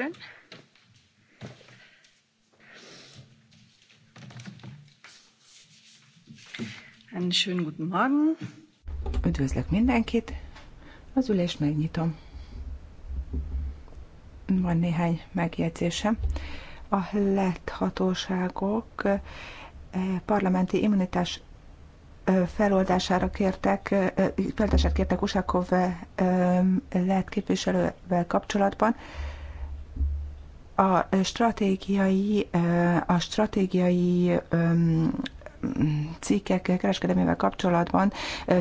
discussion? Einen schönen guten Morgen. Üdvözlök mindenkit. Az ülést megnyitom. Van néhány megjegyzésem. A lett hatóságok eh, parlamenti immunitás eh, feloldására kértek, eh, feloldását kértek Usákov lett képviselővel kapcsolatban a stratégiai, a stratégiai cikkek kereskedelmével kapcsolatban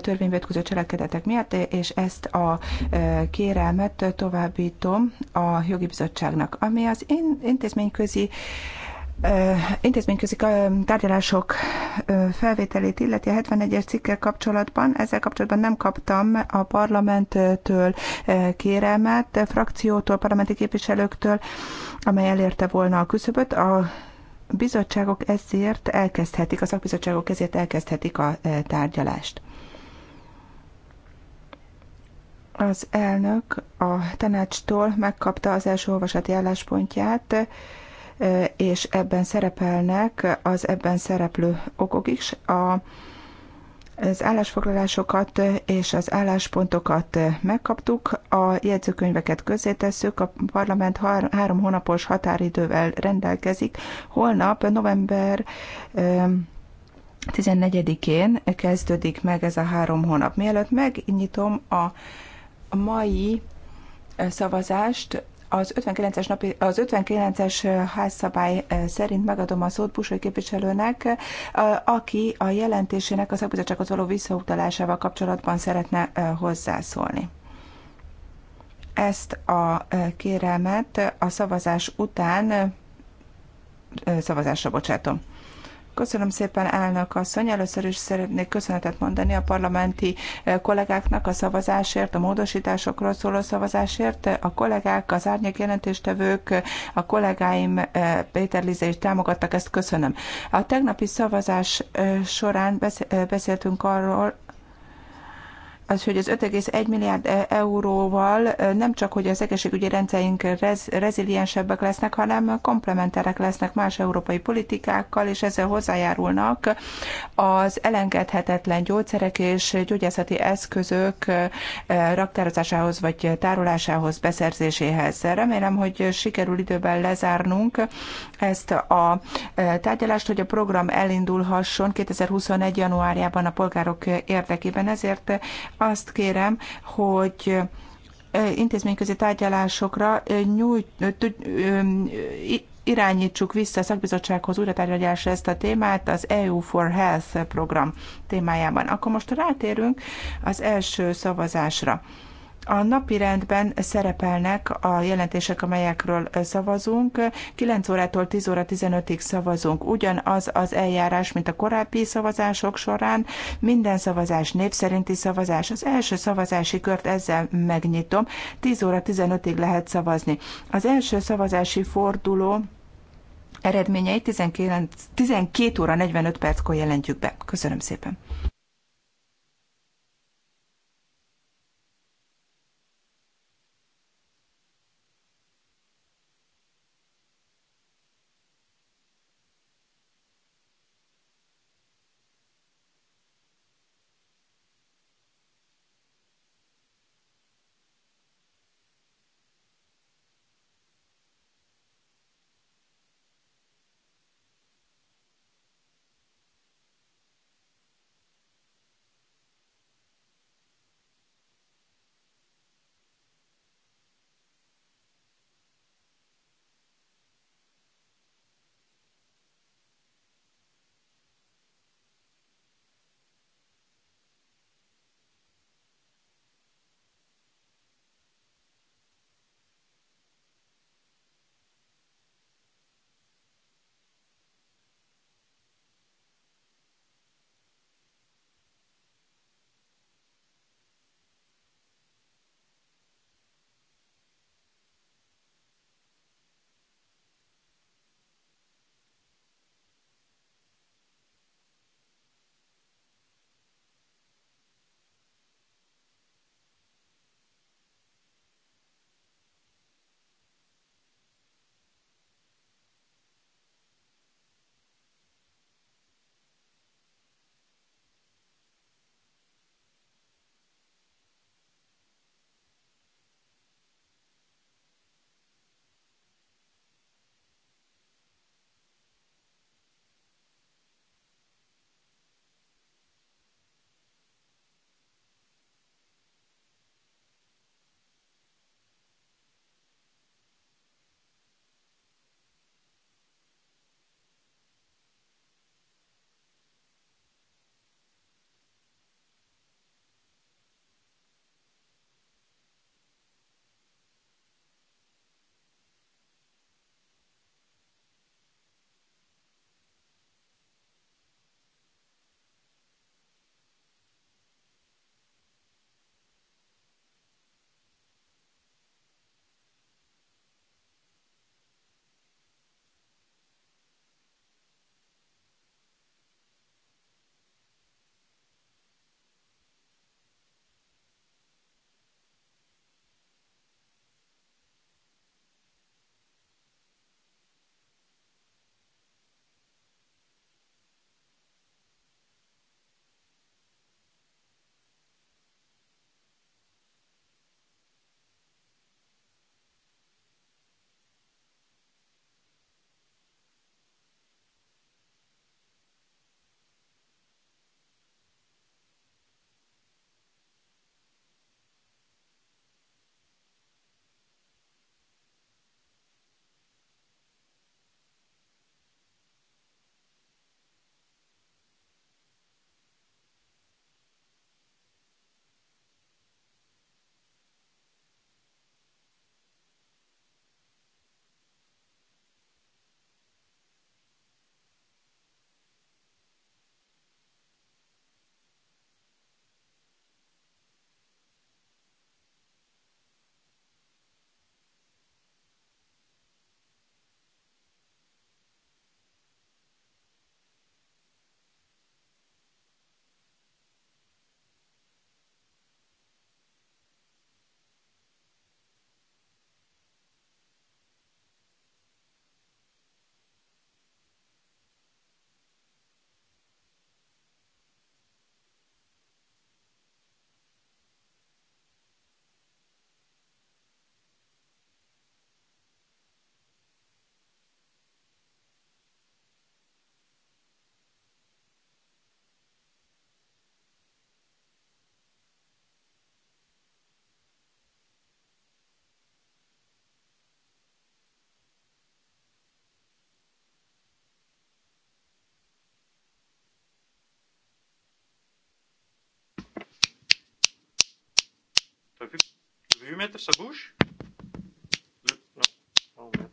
törvényvetkező cselekedetek miatt, és ezt a kérelmet továbbítom a jogi bizottságnak, ami az intézményközi intézményközi tárgyalások felvételét illeti a 71-es cikkel kapcsolatban. Ezzel kapcsolatban nem kaptam a parlamenttől kérelmet, frakciótól, parlamenti képviselőktől, amely elérte volna a küszöböt. A bizottságok ezért elkezdhetik, a szakbizottságok ezért elkezdhetik a tárgyalást. Az elnök a tanácstól megkapta az első olvasati álláspontját, és ebben szerepelnek az ebben szereplő okok is. A, az állásfoglalásokat és az álláspontokat megkaptuk, a jegyzőkönyveket közzétesszük, a parlament három hónapos határidővel rendelkezik. Holnap, november 14-én kezdődik meg ez a három hónap. Mielőtt megnyitom a mai szavazást, az 59-es, napi, az 59-es házszabály szerint megadom a szót Busoly képviselőnek, aki a jelentésének a szakbizottsághoz való visszautalásával kapcsolatban szeretne hozzászólni. Ezt a kérelmet a szavazás után szavazásra bocsátom. Köszönöm szépen, elnök asszony. Először is szeretnék köszönetet mondani a parlamenti eh, kollégáknak a szavazásért, a módosításokról szóló szavazásért. A kollégák, az árnyék jelentéstevők, a kollégáim eh, Péter Lize is támogattak, ezt köszönöm. A tegnapi szavazás eh, során beszéltünk arról, az, hogy az 5,1 milliárd e- euróval nem csak, hogy az egészségügyi rendszerünk rez, reziliensebbek lesznek, hanem komplementerek lesznek más európai politikákkal, és ezzel hozzájárulnak az elengedhetetlen gyógyszerek és gyógyászati eszközök raktározásához vagy tárolásához, beszerzéséhez. Remélem, hogy sikerül időben lezárnunk ezt a tárgyalást, hogy a program elindulhasson 2021. januárjában a polgárok érdekében. Ezért azt kérem, hogy intézményközi tárgyalásokra nyújt, irányítsuk vissza a szakbizottsághoz újra tárgyalásra ezt a témát az EU for Health program témájában. Akkor most rátérünk az első szavazásra. A napi rendben szerepelnek a jelentések, amelyekről szavazunk. 9 órától 10 óra 15-ig szavazunk. Ugyanaz az eljárás, mint a korábbi szavazások során. Minden szavazás népszerinti szavazás. Az első szavazási kört ezzel megnyitom. 10 óra 15-ig lehet szavazni. Az első szavazási forduló eredményeit 19, 12 óra 45 perckor jelentjük be. Köszönöm szépen! vu, vu mettre sa bouche Le, Non, oh merde.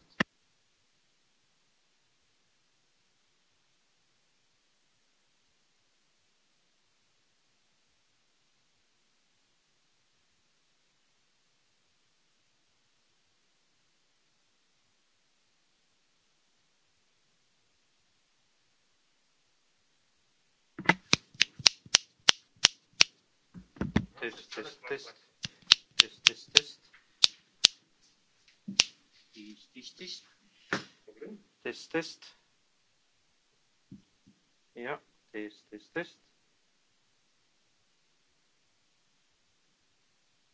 test, test, test. Test, Test, Test. tiszt, tiszt. Test. Test, Test. Ja, Test, Test, Test.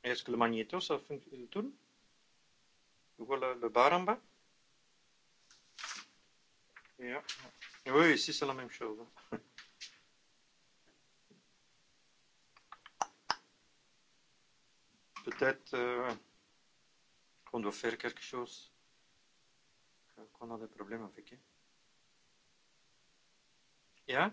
Est-ce que le magnéto, ça fonctionne, tourne Voilà le bar en bas. Ja. Oui, ici c'est la même Peut-être euh, qu'on doit faire quelque chose, qu'on a des problèmes avec eux. Yeah?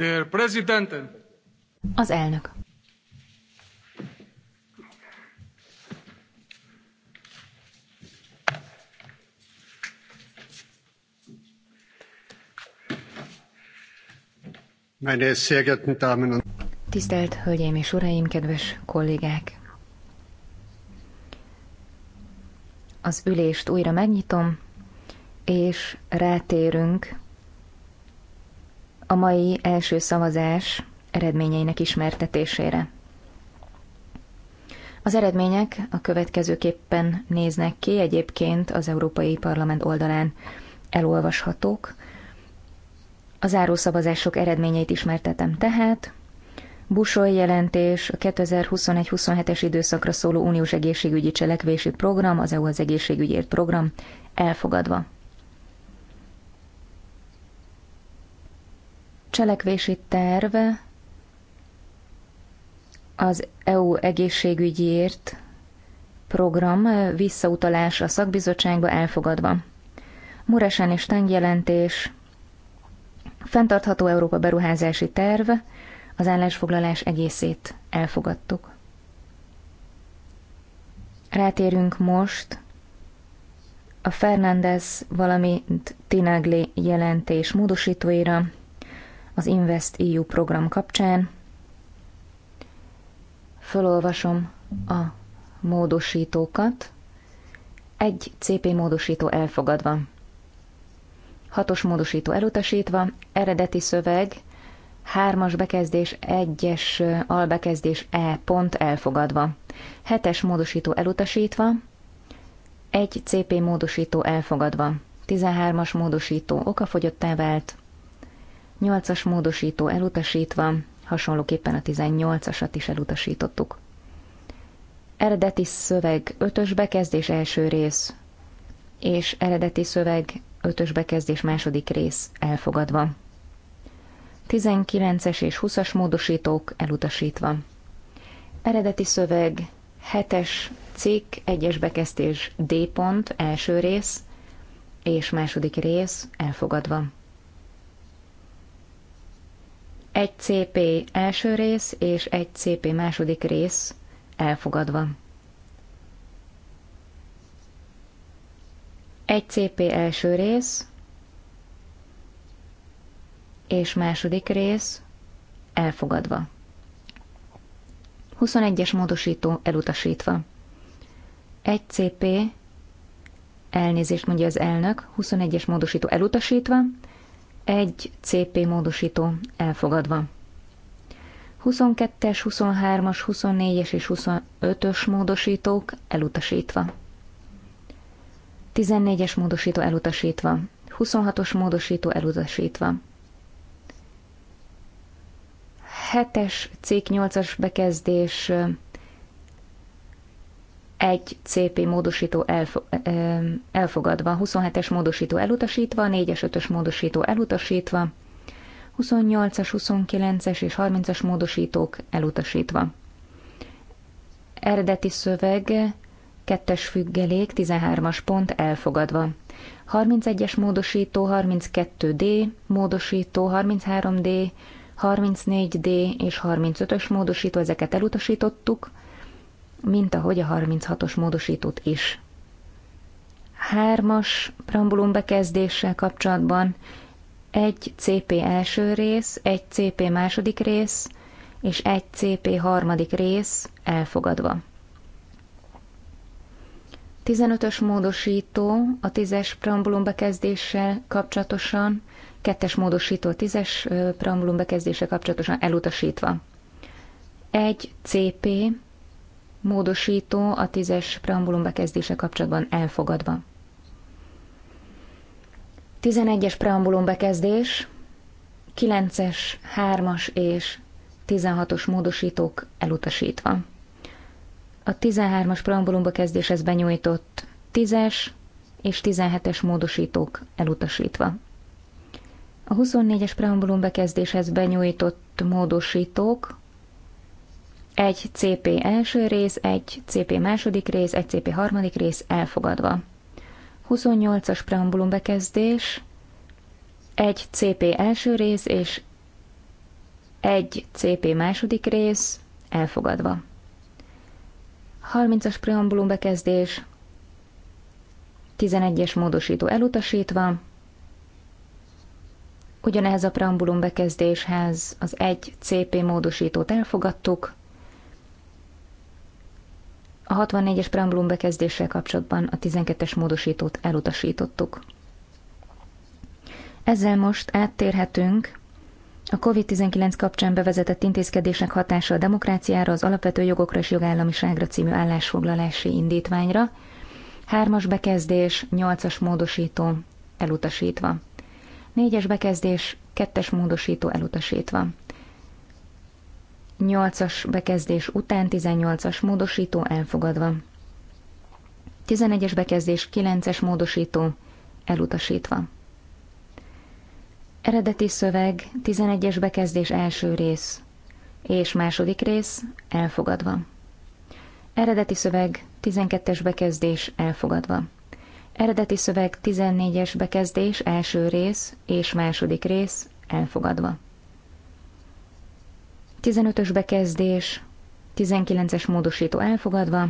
Der Präsidenten. Az elnök. Meine sehr geehrten Damen und Tisztelt Hölgyeim és Uraim, kedves kollégák! Az ülést újra megnyitom, és rátérünk a mai első szavazás eredményeinek ismertetésére. Az eredmények a következőképpen néznek ki, egyébként az Európai Parlament oldalán elolvashatók. A zárószavazások eredményeit ismertetem tehát. Busoly jelentés, a 2021-27-es időszakra szóló uniós egészségügyi cselekvési program, az EU az egészségügyért program elfogadva. cselekvési terv az EU egészségügyiért program visszautalás a szakbizottságba elfogadva. Muresen és Teng jelentés, fenntartható Európa beruházási terv, az állásfoglalás egészét elfogadtuk. Rátérünk most a Fernández, valamint Tinagli jelentés módosítóira, az Invest EU program kapcsán. Fölolvasom a módosítókat. Egy CP módosító elfogadva. Hatos módosító elutasítva, eredeti szöveg, hármas bekezdés, egyes eh, albekezdés E pont elfogadva. Hetes módosító elutasítva, egy CP módosító elfogadva. 13-as módosító okafogyottá vált. 8-as módosító elutasítva, hasonlóképpen a 18-asat is elutasítottuk. Eredeti szöveg 5-ös bekezdés első rész, és eredeti szöveg 5-ös bekezdés második rész elfogadva. 19-es és 20-as módosítók elutasítva. Eredeti szöveg 7-es cikk 1-es bekezdés D pont első rész és második rész elfogadva. Egy CP első rész és egy CP második rész elfogadva. Egy CP első rész és második rész elfogadva. 21-es módosító elutasítva. Egy CP elnézést mondja az elnök, 21-es módosító elutasítva, egy CP módosító elfogadva. 22-es, 23-as, 24-es és 25-ös módosítók elutasítva. 14-es módosító elutasítva. 26-os módosító elutasítva. 7-es cég 8-as bekezdés egy CP módosító elfo- elfogadva, 27-es módosító elutasítva, 4-es, 5-ös módosító elutasítva, 28-as, 29-es és 30-as módosítók elutasítva. Eredeti szöveg, 2-es függelék, 13-as pont elfogadva. 31-es módosító, 32D, módosító, 33D, 34D és 35-ös módosító, ezeket elutasítottuk, mint ahogy a 36-os módosítót is. Hármas prambulum bekezdéssel kapcsolatban egy CP első rész, egy CP második rész és egy CP harmadik rész elfogadva. 15-ös módosító a 10-es preambulum bekezdéssel kapcsolatosan, 2-es módosító a 10-es preambulum bekezdéssel kapcsolatosan elutasítva. Egy CP módosító a tízes preambulum bekezdése kapcsolatban elfogadva. 11-es preambulum bekezdés, 9-es, 3-as és 16-os módosítók elutasítva. A 13-as preambulum bekezdéshez benyújtott 10-es és 17-es módosítók elutasítva. A 24-es preambulum bekezdéshez benyújtott módosítók egy CP első rész, egy CP második rész, egy CP harmadik rész elfogadva. 28-as preambulum bekezdés, egy CP első rész és egy CP második rész elfogadva. 30-as preambulum bekezdés, 11-es módosító elutasítva, ugyanehhez a preambulum bekezdéshez az 1 CP módosítót elfogadtuk, a 64-es preambulum bekezdéssel kapcsolatban a 12-es módosítót elutasítottuk. Ezzel most áttérhetünk a COVID-19 kapcsán bevezetett intézkedések hatása a demokráciára, az alapvető jogokra és jogállamiságra című állásfoglalási indítványra, hármas bekezdés, nyolcas módosító elutasítva, négyes bekezdés, kettes módosító elutasítva, 8-as bekezdés után 18-as módosító elfogadva. 11-es bekezdés 9-es módosító elutasítva. Eredeti szöveg 11-es bekezdés első rész és második rész elfogadva. Eredeti szöveg 12-es bekezdés elfogadva. Eredeti szöveg 14-es bekezdés első rész és második rész elfogadva. 15-ös bekezdés, 19-es módosító elfogadva,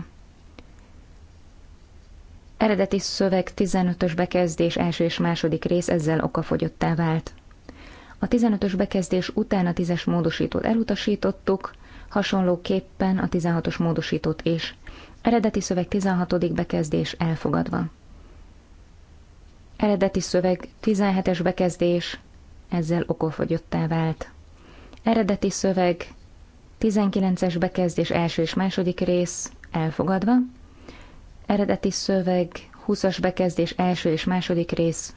eredeti szöveg 15-ös bekezdés első és második rész ezzel okafogyottá vált. A 15-ös bekezdés után a 10-es módosítót elutasítottuk, hasonlóképpen a 16-os módosítót is. Eredeti szöveg 16. bekezdés elfogadva. Eredeti szöveg 17-es bekezdés ezzel okofogyottá vált. Eredeti szöveg, 19-es bekezdés első és második rész, elfogadva. Eredeti szöveg, 20-as bekezdés első és második rész,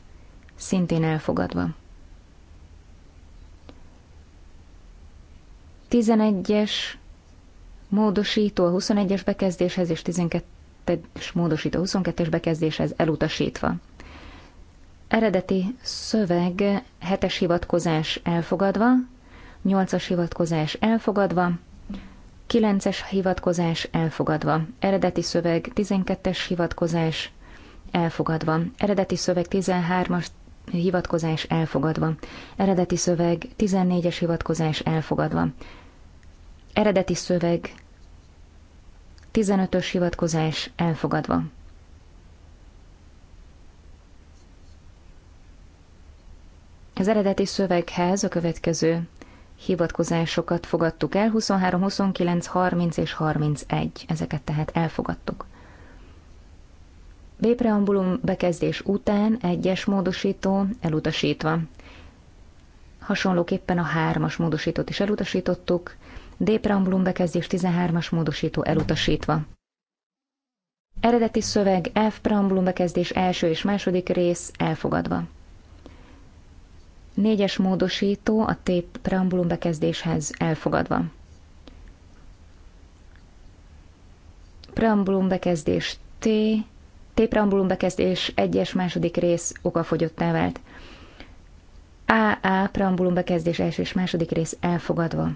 szintén elfogadva. 11-es módosító a 21-es bekezdéshez és 12-es módosító a 22-es bekezdéshez elutasítva. Eredeti szöveg hetes hivatkozás elfogadva, 8-as hivatkozás elfogadva, 9-es hivatkozás elfogadva, eredeti szöveg 12-es hivatkozás elfogadva, eredeti szöveg 13-as hivatkozás elfogadva, eredeti szöveg 14-es hivatkozás elfogadva, eredeti szöveg 15-ös hivatkozás elfogadva. Az eredeti szöveghez a következő hivatkozásokat fogadtuk el, 23, 29, 30 és 31, ezeket tehát elfogadtuk. B preambulum bekezdés után egyes módosító elutasítva. Hasonlóképpen a hármas módosítót is elutasítottuk, D preambulum bekezdés 13-as módosító elutasítva. Eredeti szöveg F preambulum bekezdés első és második rész elfogadva. Négyes módosító a tép preambulum bekezdéshez elfogadva. Preambulum bekezdés T, T preambulum bekezdés egyes második rész okafogyottá vált. AA preambulum bekezdés első és második rész elfogadva.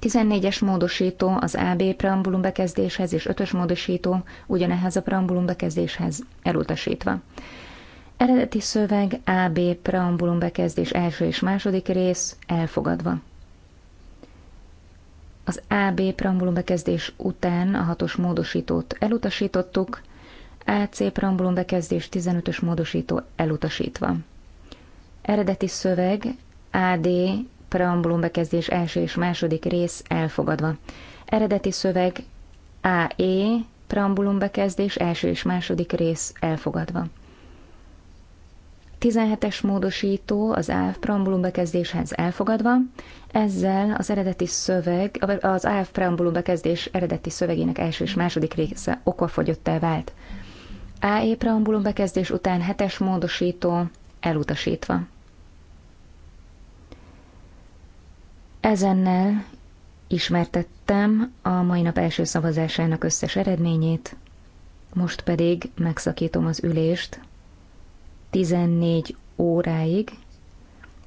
14-es módosító az AB preambulum bekezdéshez és 5-ös módosító ugyanehhez a preambulum bekezdéshez elutasítva. Eredeti szöveg AB preambulum bekezdés első és második rész elfogadva. Az AB preambulum bekezdés után a hatos módosítót elutasítottuk, AC preambulum bekezdés 15-ös módosító elutasítva. Eredeti szöveg AD preambulum bekezdés első és második rész elfogadva. Eredeti szöveg AE preambulum bekezdés első és második rész elfogadva. 17-es módosító az AF preambulum bekezdéshez elfogadva, ezzel az eredeti szöveg, az AF preambulum bekezdés eredeti szövegének első és második része okafogyottá vált. AE preambulum bekezdés után hetes módosító elutasítva. Ezennel ismertettem a mai nap első szavazásának összes eredményét, most pedig megszakítom az ülést, 14 óráig.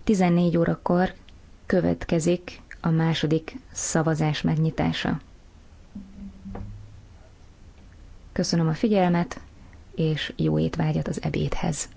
14 órakor következik a második szavazás megnyitása. Köszönöm a figyelmet, és jó étvágyat az ebédhez!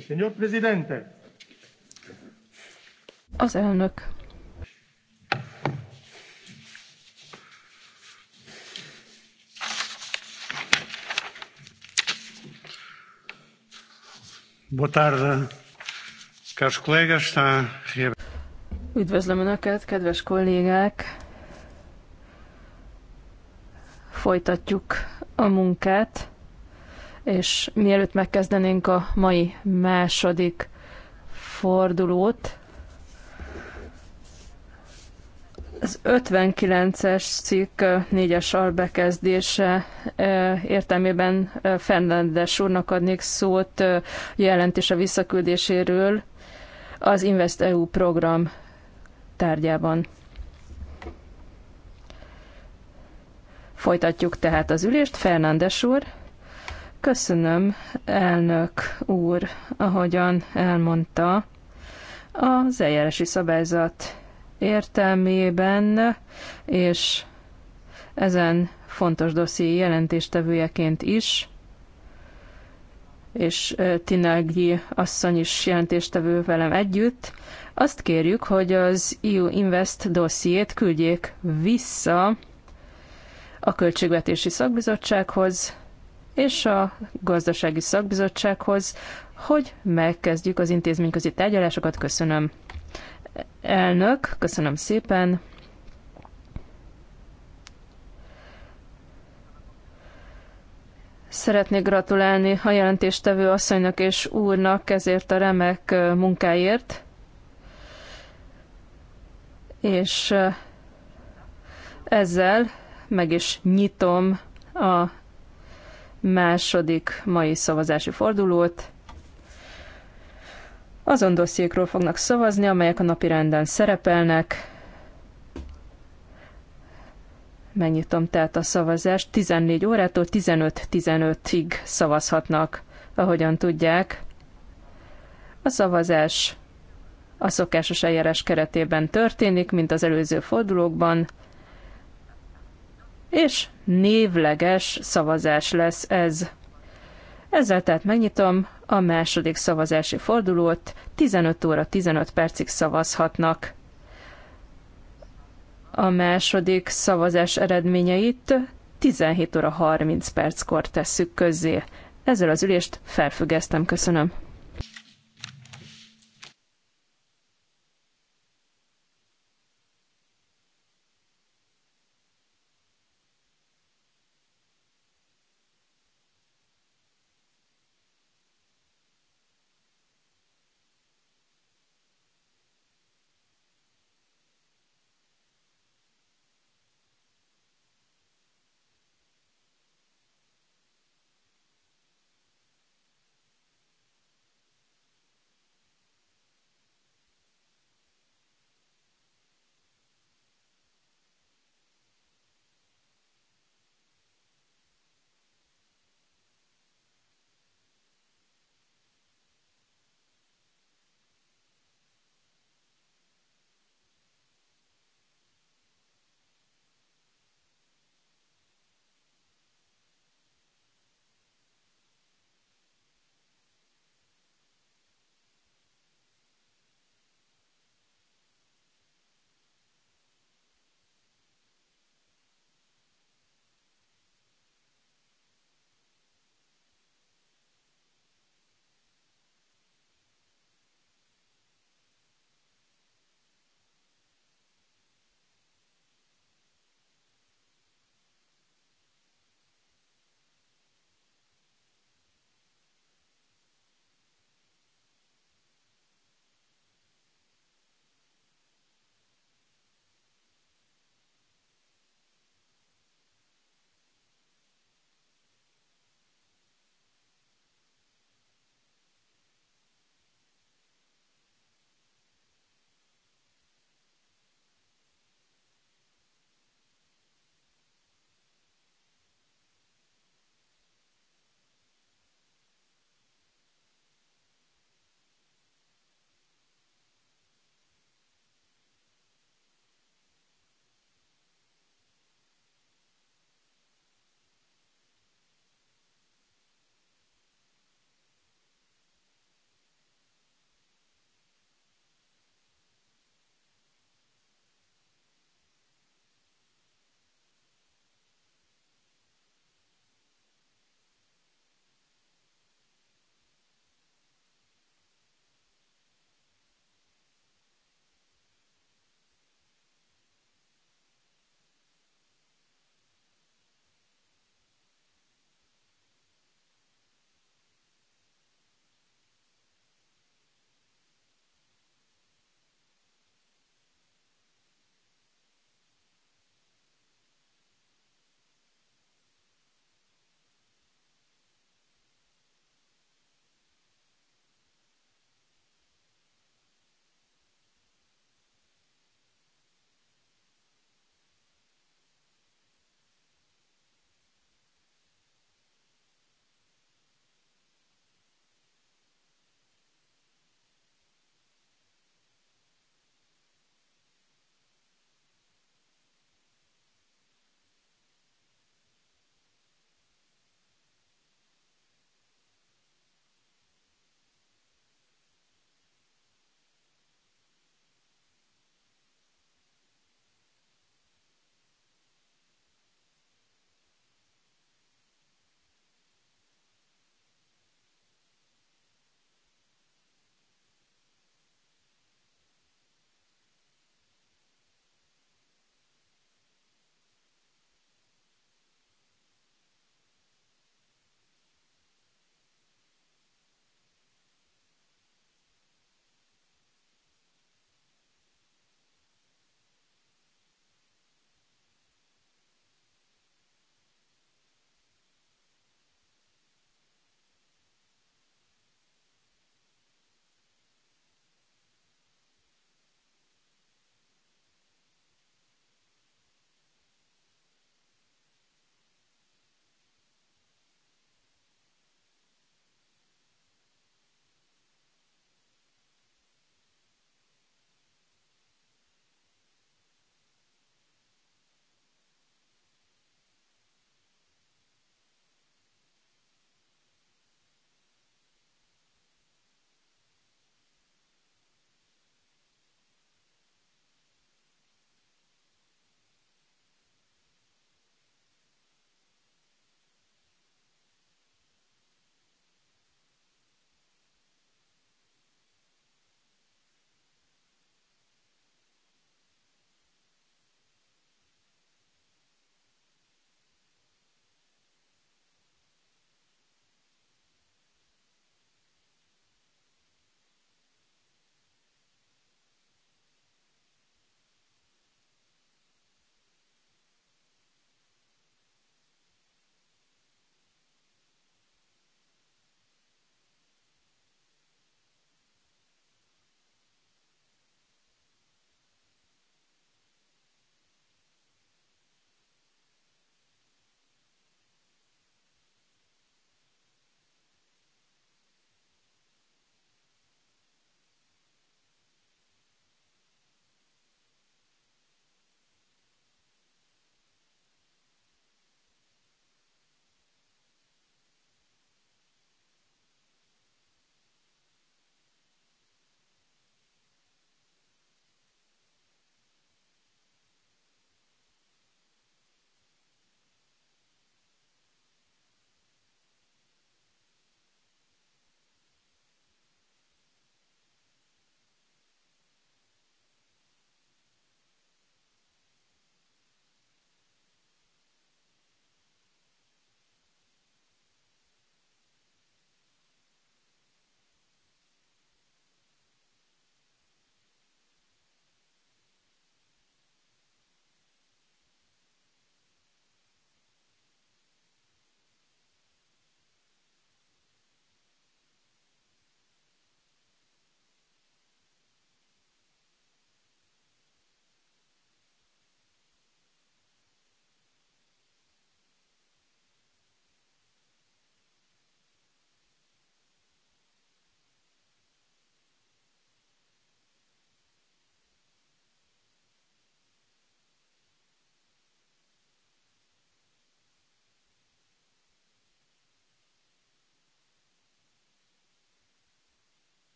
Señor Presidente. Az elnök. Boa tarde, caros Üdvözlöm Önöket, kedves kollégák! Folytatjuk a munkát és mielőtt megkezdenénk a mai második fordulót, az 59-es cikk 4-es albekezdése értelmében Fernandes úrnak adnék szót a visszaküldéséről az Invest EU program tárgyában. Folytatjuk tehát az ülést. Fernandes úr. Köszönöm, elnök úr, ahogyan elmondta, az eljárási szabályzat értelmében és ezen fontos dosszié jelentéstevőjeként is, és Tinagyi asszony is jelentéstevő velem együtt, azt kérjük, hogy az EU Invest dossziét küldjék vissza a Költségvetési Szakbizottsághoz, és a gazdasági szakbizottsághoz, hogy megkezdjük az intézményközi tárgyalásokat. Köszönöm. Elnök, köszönöm szépen. Szeretnék gratulálni a jelentéstevő asszonynak és úrnak ezért a remek munkáért. És ezzel meg is nyitom a második mai szavazási fordulót. Azon dossziékról fognak szavazni, amelyek a napi renden szerepelnek. Megnyitom tehát a szavazást. 14 órától 15-15-ig szavazhatnak, ahogyan tudják. A szavazás a szokásos eljárás keretében történik, mint az előző fordulókban és névleges szavazás lesz ez. Ezzel tehát megnyitom a második szavazási fordulót, 15 óra 15 percig szavazhatnak. A második szavazás eredményeit 17 óra 30 perckor tesszük közzé. Ezzel az ülést felfüggesztem, köszönöm.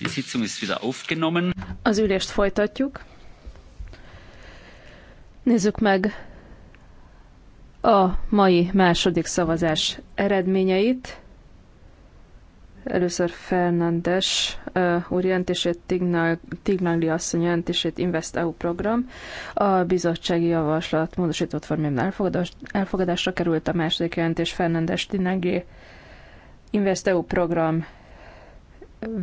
Die Sitzung ist wieder aufgenommen. Az ülést folytatjuk. Nézzük meg a mai második szavazás eredményeit. Először Fernandes úr jelentését, Tignagli asszony jelentését Invest EU program. A bizottsági javaslat módosított formában elfogadás, elfogadásra került a második jelentés Fernandes Tignagli Invest EU program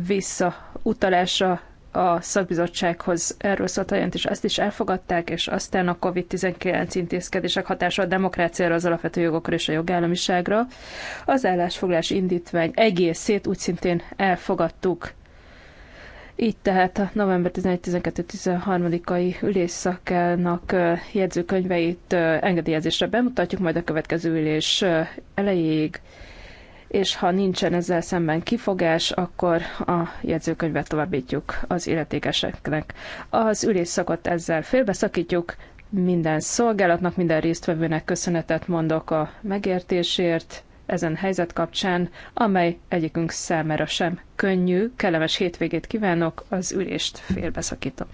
visszautalása a szakbizottsághoz erről szólt a jelentés, azt is elfogadták, és aztán a COVID-19 intézkedések hatása a demokráciára, az alapvető jogokra és a jogállamiságra. Az állásfoglás indítvány egészét úgy szintén elfogadtuk. Így tehát a november 11-12-13-ai ülésszakának jegyzőkönyveit engedélyezésre bemutatjuk, majd a következő ülés elejéig, és ha nincsen ezzel szemben kifogás, akkor a jegyzőkönyvet továbbítjuk az illetékeseknek. Az ülésszakot ezzel félbeszakítjuk, minden szolgálatnak, minden résztvevőnek köszönetet mondok a megértésért, ezen helyzet kapcsán, amely egyikünk számára sem könnyű. Kellemes hétvégét kívánok, az ülést félbeszakítom.